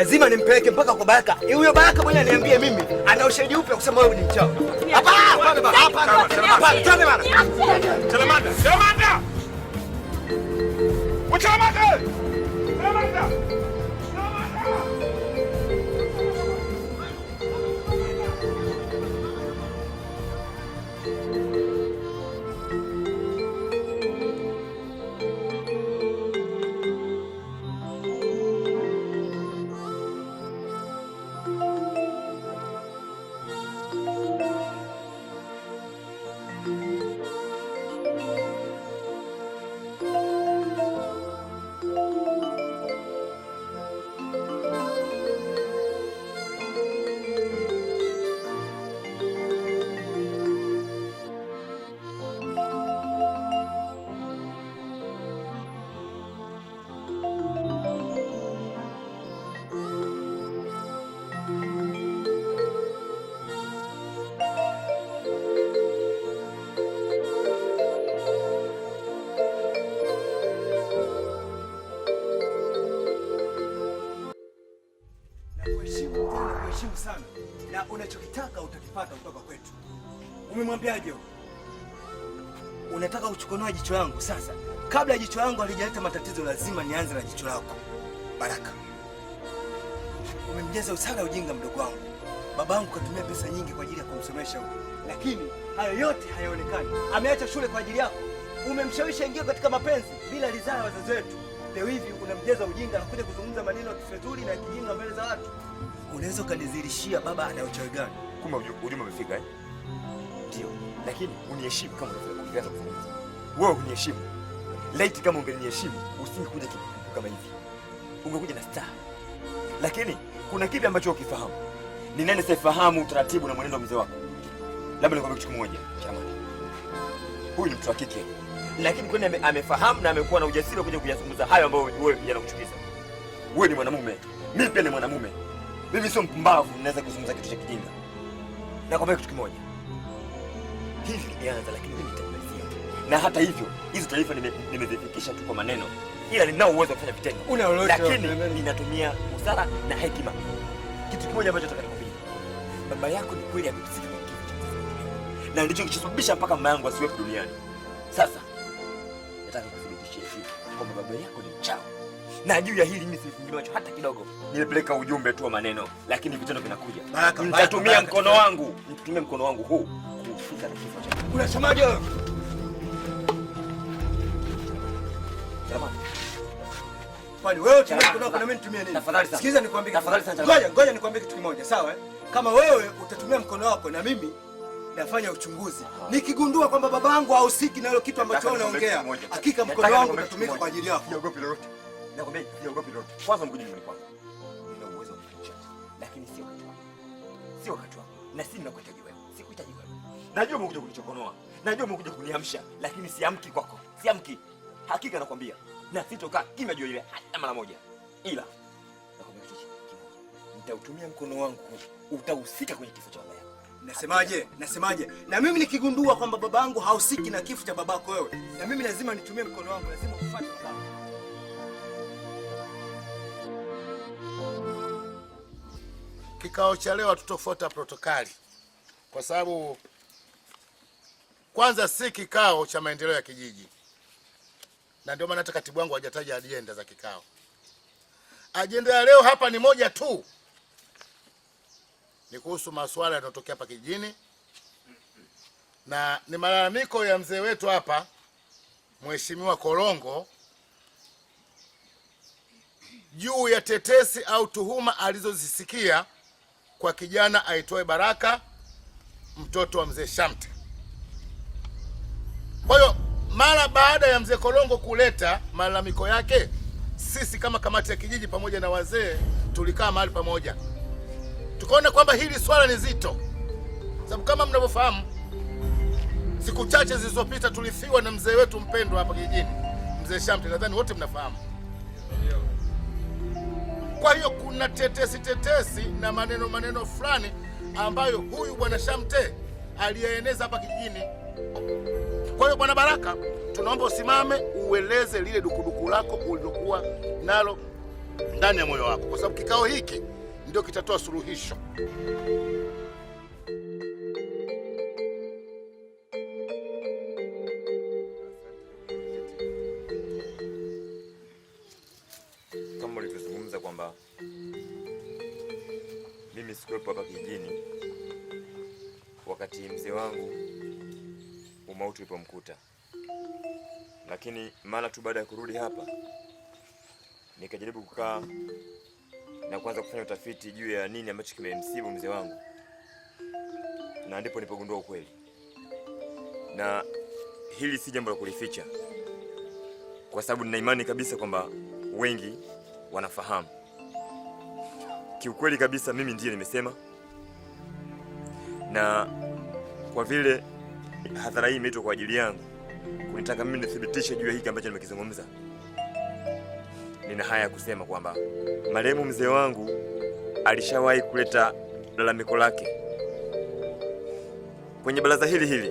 lazima nimpeleke mpaka kwa Baraka. Huyo Baraka mwenyewe aniambie mimi ana ushahidi upe kusema wewe ni mchawi. bana. karibu sana, na unachokitaka utakipata kutoka kwetu. Umemwambiaje? Unataka uchukonoa jicho langu. Sasa kabla jicho langu halijaleta matatizo, lazima nianze na jicho lako. Baraka, umemjaza usala ujinga mdogo wangu. Baba yangu katumia pesa nyingi kwa ajili ya kumsomesha huu lakini hayo yote hayaonekani. Ameacha shule kwa ajili yako. Umemshawishi aingie katika mapenzi bila ridhaa ya wazazi wetu. Leo hivi unamjaza ujinga anakuja kuzungumza maneno ya kifedhuli na kijinga mbele za watu. Unaweza ukanizirishia baba ana uchawi gani? Kumbe ujumbe umefika eh? Ndio, lakini uniheshimu kama unavyokueleza kuzungumza. Wewe uniheshimu. Laiti kama ungeniheshimu usingekuja kitu kama hivi. Ungekuja na star. Lakini kuna kipi ambacho ukifahamu? Ni nani sifahamu utaratibu na mwenendo wa mzee wako? Labda nikwambie kitu kimoja, Chamani. Huyu ni mtu wa kike lakini kwani amefahamu na amekuwa na ujasiri wa kuja kuyazungumza hayo ambayo wewe yanakuchukiza. Wewe ni mwanamume, mimi pia ni mwanamume, mimi sio mpumbavu, naweza kuzungumza kitu cha kijinga. Nakwambia kitu kimoja, hivi imeanza, lakini mimi nitamalizia. Na hata hivyo hizo taarifa nimezifikisha tu kwa maneno, ila ninao uwezo wa kufanya vitendo, lakini ninatumia busara na hekima. Kitu kimoja ambacho nataka nikwambie, baba yako ni kweli amekusika na ndicho kilichosababisha mpaka mama yangu asiwepo duniani nataka kuthibitishia hivi kwamba baba yako ni mchawi, na juu ya hili mimi sifungi macho hata kidogo. Nimepeleka ujumbe tu wa maneno, lakini vitendo vinakuja. Nitatumia mkono wangu, nitumie mkono wangu huu kufika na kifo cha. Unasemaje wewe? Jamani, kwani wewe na mimi nitumie nini? Tafadhali sana, sikiza nikwambie. Tafadhali sana, ngoja ngoja nikwambie kitu kimoja, sawa? Kama wewe utatumia mkono wako na mimi nafanya uchunguzi, nikigundua kwamba baba yangu hausiki na hilo kitu ambacho wewe unaongea, hakika mkono wangu utatumika kwa ajili yako. Siogopi lolote, nakwambia siogopi lolote. Kwanza mkuje nyumbani kwangu, nina uwezo wa kufanya, lakini sio wakati wako, sio wakati wako, na si ninakuhitaji wewe, sikuhitaji wewe. Najua umekuja kunichokonoa, najua umekuja kuniamsha, lakini siamki kwako, siamki hakika, nakwambia na sitoka kimya juu ile hata mara moja, ila nakwambia kitu kimoja, nitautumia mkono wangu, utahusika kwenye kifo cha baba Nasemaje? Nasemaje? Na mimi nikigundua kwamba babangu hausiki na kifo cha babako wewe, na mimi lazima nitumie mkono wangu, lazima kufuata babangu. Kikao cha leo hatutofuata protokali kwa sababu kwanza si kikao cha maendeleo ya kijiji, na ndio maana hata katibu wangu hajataja ajenda za kikao. Ajenda ya leo hapa ni moja tu ni kuhusu masuala yanayotokea hapa kijijini, na ni malalamiko ya mzee wetu hapa Mheshimiwa Korongo juu ya tetesi au tuhuma alizozisikia kwa kijana aitwaye Baraka mtoto wa mzee Shamte. Kwa hiyo mara baada ya mzee Korongo kuleta malalamiko yake, sisi kama kamati ya kijiji pamoja na wazee tulikaa mahali pamoja tukaona kwamba hili swala ni zito, sababu kama mnavyofahamu, siku chache zilizopita tulifiwa na mzee wetu mpendwa hapa kijijini, mzee Shamte, nadhani wote mnafahamu. Kwa hiyo kuna tetesi tetesi na maneno maneno fulani ambayo huyu bwana Shamte aliyaeneza hapa kijijini. Kwa hiyo bwana Baraka, tunaomba usimame ueleze lile dukuduku lako ulilokuwa nalo ndani ya moyo wako, kwa sababu kikao hiki ndio kitatoa suluhisho. Kama ulivyozungumza kwamba mimi sikuwepo hapa kijini wakati mzee wangu umauti ulipomkuta, lakini mara tu baada ya kurudi hapa nikajaribu kukaa na kuanza kufanya utafiti juu ya nini ambacho kimemsibu mzee wangu, na ndipo nilipogundua ukweli, na hili si jambo la kulificha, kwa sababu nina imani kabisa kwamba wengi wanafahamu. Kiukweli kabisa, mimi ndiye nimesema, na kwa vile hadhara hii imeitwa kwa ajili yangu kunitaka mimi nithibitishe juu ya hiki ambacho nimekizungumza nina haya ya kusema kwamba marehemu mzee wangu alishawahi kuleta lalamiko lake kwenye baraza hili hili,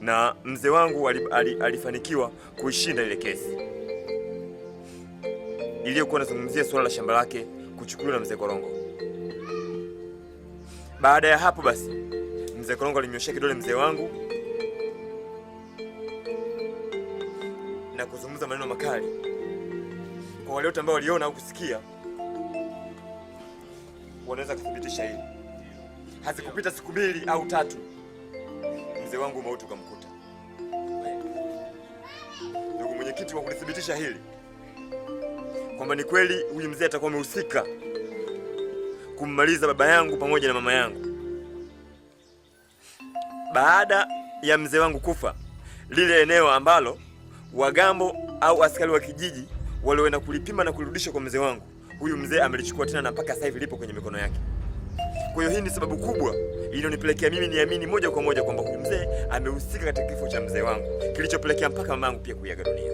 na mzee wangu alifanikiwa kuishinda ile kesi iliyokuwa inazungumzia suala la shamba lake kuchukuliwa na mzee Korongo. Baada ya hapo basi, mzee Korongo alinyoshea kidole mzee wangu na kuzungumza maneno makali kwa wale wote ambao waliona au kusikia wanaweza kuthibitisha hili. Hazikupita siku mbili au tatu, mzee wangu mauti ukamkuta. Ndugu mwenyekiti, wa kulithibitisha hili kwamba ni kweli huyu mzee atakuwa amehusika kummaliza baba yangu pamoja na mama yangu. Baada ya mzee wangu kufa, lile eneo ambalo wagambo au askari wa kijiji walioenda kulipima na kurudisha kwa mzee wangu, huyu mzee amelichukua tena na mpaka sasa hivi lipo kwenye mikono yake. Kwa hiyo hii ni sababu kubwa iliyonipelekea mimi niamini moja kwa moja kwamba huyu mzee amehusika katika kifo cha mzee wangu kilichopelekea mpaka mamangu pia kuiaga dunia.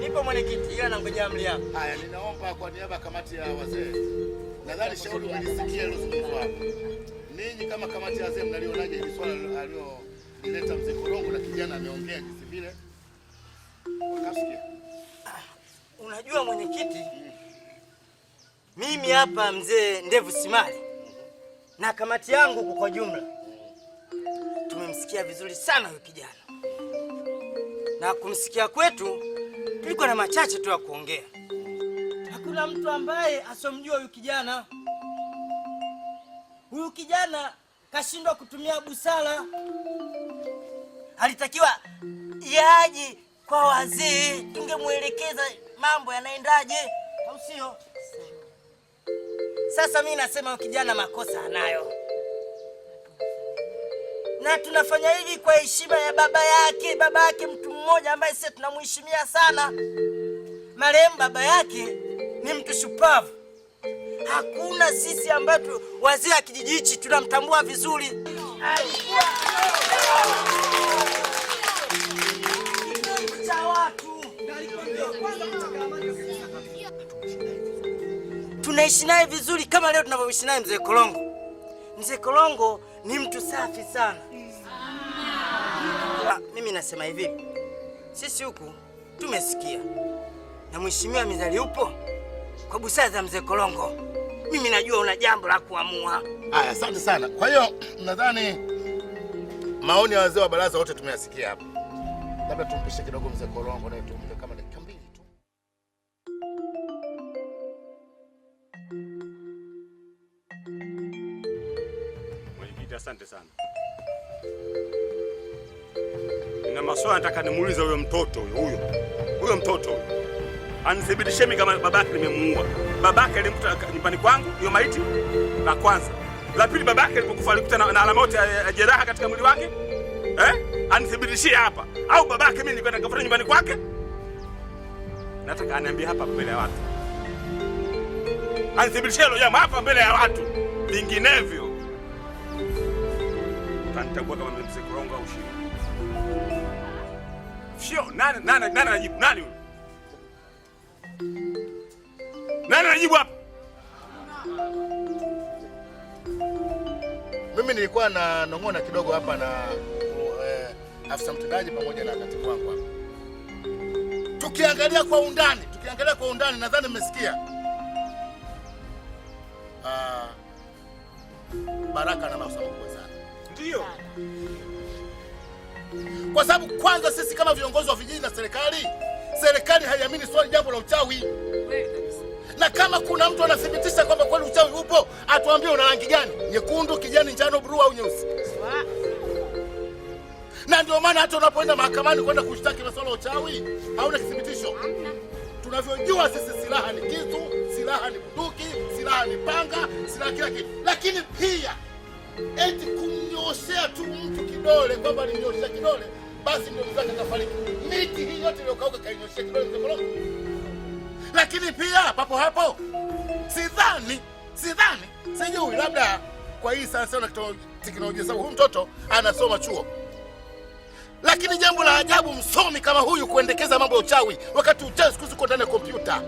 Nipo mwenyekiti, ila nangojea amri yako. Haya, ninaomba kwa niaba kamati ya wazee Nadhani shauri mlisikia lilozungumzwa hapo. Ninyi kama kamati ya wazee mnalionaje hili swala aliyoleta mzee Korongo na kijana ameongea jinsi vile? Ah, unajua mwenyekiti, Mimi hapa mzee Ndevu Simali na kamati yangu kwa jumla tumemsikia vizuri sana huyo kijana, na kumsikia kwetu tulikuwa na machache tu ya kuongea kuna mtu ambaye asomjua huyu kijana. Huyu kijana kashindwa kutumia busara, alitakiwa yaji kwa wazee, tungemwelekeza mambo yanaendaje, au sio? Sasa mi nasema huyu kijana makosa anayo, na tunafanya hivi kwa heshima ya baba yake, baba yake mtu mmoja ambaye sisi tunamheshimia sana, marehemu baba yake ni mtu shupavu. Hakuna sisi ambayo wazee wa kijiji hichi tunamtambua vizuri. Tunaishi naye vizuri kama leo tunavyoishi naye mzee Kolongo. Mzee Kolongo ni mtu safi sana. Ha, ah, mimi nasema hivi, sisi huku tumesikia na mheshimiwa Mizali upo kwa busara za mzee Kolongo, mimi najua una jambo la kuamua. Haya, asante sana. Kwa hiyo nadhani maoni ya wazee wa baraza wote tumeyasikia hapa, labda tumpishe kidogo mzee Kolongo naye tumpe kama dakika mbili tu. Mwenyekiti, asante sana. Nina maswali nataka nimuulize huyo mtoto huyo huyo huyo mtoto anithibitishe mimi kama babake nimemuua. Babake alimkuta nyumbani kwangu, hiyo maiti la kwanza. La pili, babake alipokufa alikuta na, na alama yote ya jeraha katika mwili wake eh? Anithibitishie hapa, au babake mimi nilikwenda kafuta nyumbani kwake. Nataka aniambie hapa mbele ya watu, anithibitishie hilo jambo hapa mbele ya watu, vinginevyo utanichagua kama mzee au shii. Sio nani nani nani nani, nani? Nani anajibu hapa? Mimi nilikuwa na nong'ona kidogo hapa na uh, afisa mtendaji pamoja na katibu wangu hapa. Tukiangalia kwa undani, tukiangalia kwa undani nadhani mmesikia. Ah, Baraka na Mausa mkubwa sana. Ndio. Kwa sababu kwanza sisi kama viongozi wa vijiji na serikali, serikali haiamini swali jambo la uchawi na kama kuna mtu anathibitisha kwamba kweli uchawi upo, atuambie una rangi gani, nyekundu, kijani, njano, bluu au nyeusi. Na ndio maana hata unapoenda mahakamani kwenda kushtaki masuala ya uchawi hauna kithibitisho. Tunavyojua sisi silaha ni kitu, silaha ni bunduki, silaha ni panga, silaha kila kitu, lakini pia eti kumnyoshea tu mtu kidole kwamba alinyoshea kidole basi ndio mzake kafariki. Miti hii yote iliyokauka kainyoshea kidole mzee lakini pia papo hapo sidhani, sidhani, sijui, labda kwa hii sasa na teknolojia, sababu huyu mtoto anasoma chuo. Lakini jambo la ajabu, msomi kama huyu kuendekeza mambo ya uchawi, wakati uchawi siku hizi uko ndani ya kompyuta.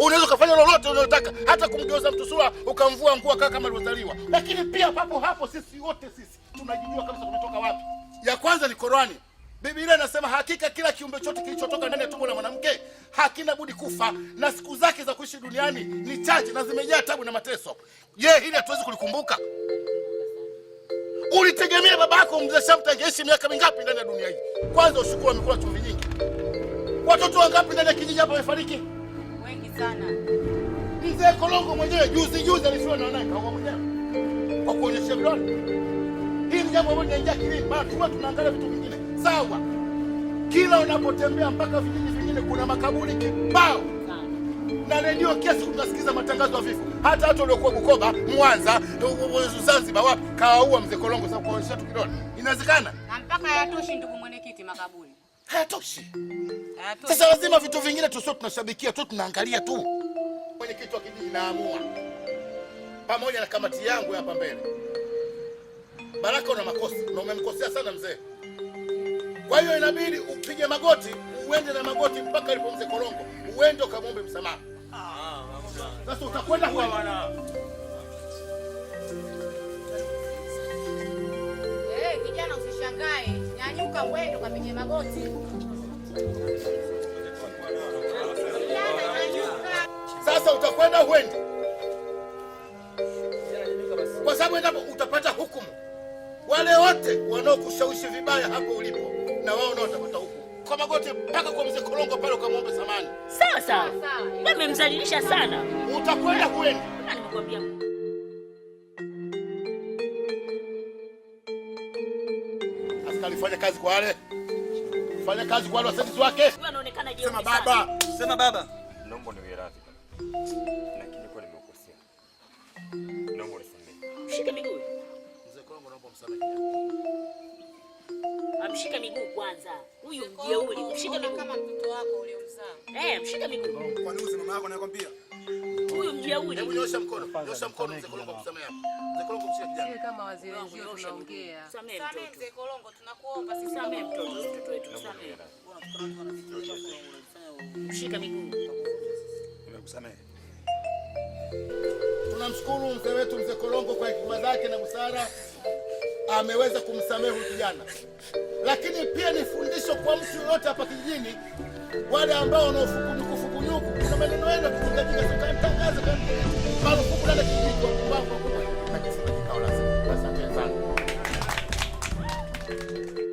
Unaweza ukafanya lolote unalotaka, hata kumgeuza mtu sura ukamvua nguo kaa kama alivyozaliwa. Lakini pia papo hapo sisi wote sisi tunajijua kabisa tumetoka wapi. Ya kwanza ni Korani. Biblia inasema hakika kila kiumbe chote kilichotoka ndani ya tumbo la mwanamke hakina budi kufa, na siku zake za kuishi duniani ni chache na zimejaa tabu na mateso. Je, hili hatuwezi kulikumbuka? Ulitegemea baba yako mzee Shamta angeishi miaka mingapi ndani ya dunia hii? Kwanza ushukuru, amekula chumvi nyingi. Watoto wangapi ndani ya kijiji hapa wamefariki? Wengi sana. Mzee Kolongo mwenyewe juzi juzi alifiwa na wanae kaua mwenyewe kwa kuonyesha vidole. Hii ni jambo ambalo linaingia akilini, maana tunaangalia vitu vingine sawa. Kila unapotembea mpaka vijiji vingine kuna makaburi kibao, na redio kiasi utasikiza matangazo ya vifo. Hata watu waliokuwa Bukoba, Mwanza, Zanzibar, wapi kawaua mzee Kolongo sababu kaonyesha tu kidole. Inawezekana na mpaka hayatoshi, ndugu mwenyekiti, makaburi hayatoshi. Sasa lazima vitu vingine tusio tunashabikia tu, tunaangalia tu. Mwenyekiti wa kijiji naamua pamoja na kamati yangu hapa mbele. Baraka, una makosa na umemkosea sana mzee. Kwa hiyo inabidi upige magoti, uende na magoti mpaka alipo mzee Kolongo, uende ukamwombe msamaha. Sasa utakwenda kwa wana eh, kijana, usishangae, nyanyuka uende ukapige magoti. Sasa utakwenda uende, kwa sababu endapo utapata hukumu, wale wote wanaokushawishi vibaya hapo ulipo na wao ndio watapata huko kwa magoti mpaka kwa mzee Kolongo pale ukamwombe samani. Sawa sawa, wewe umemzalilisha sana. Utakwenda kwenda, nimekwambia. Askari, fanya kazi kwa wale, fanya kazi kwa wale wasaidizi wake. Anaonekana je? Sema baba, sema baba. Naomba niwe radhi, lakini kwa nimekosea, naomba unisamehe. Shika miguu mzee Kolongo, naomba msamaha mshike miguu kwanza. Huyu ndiye mjeuri, mshike miguu kama mtoto wako uliomzaa. Eh, mshike miguu. Kwa nini mama yako anakwambia? Huyu ndiye mjeuri. Hebu nyosha mkono. Nyosha mkono mzee Kolongo kusamea hapo. Mzee Kolongo mshike kijana. Sisi kama wazee wenzio tunaongea. Samee mzee Kolongo, tunakuomba sisi samee mtoto mtoto wetu samee. Mshike miguu. Nimekusamea. Tunamshukuru mzee wetu mzee Kolongo kwa hekima zake na busara ameweza kumsamehe kijana lakini pia ni fundisho kwa mtu yoyote hapa kijijini, wale ambao wanaofukunyuku. Kuna maneno yenu marufuku ndani ya kijiji kwa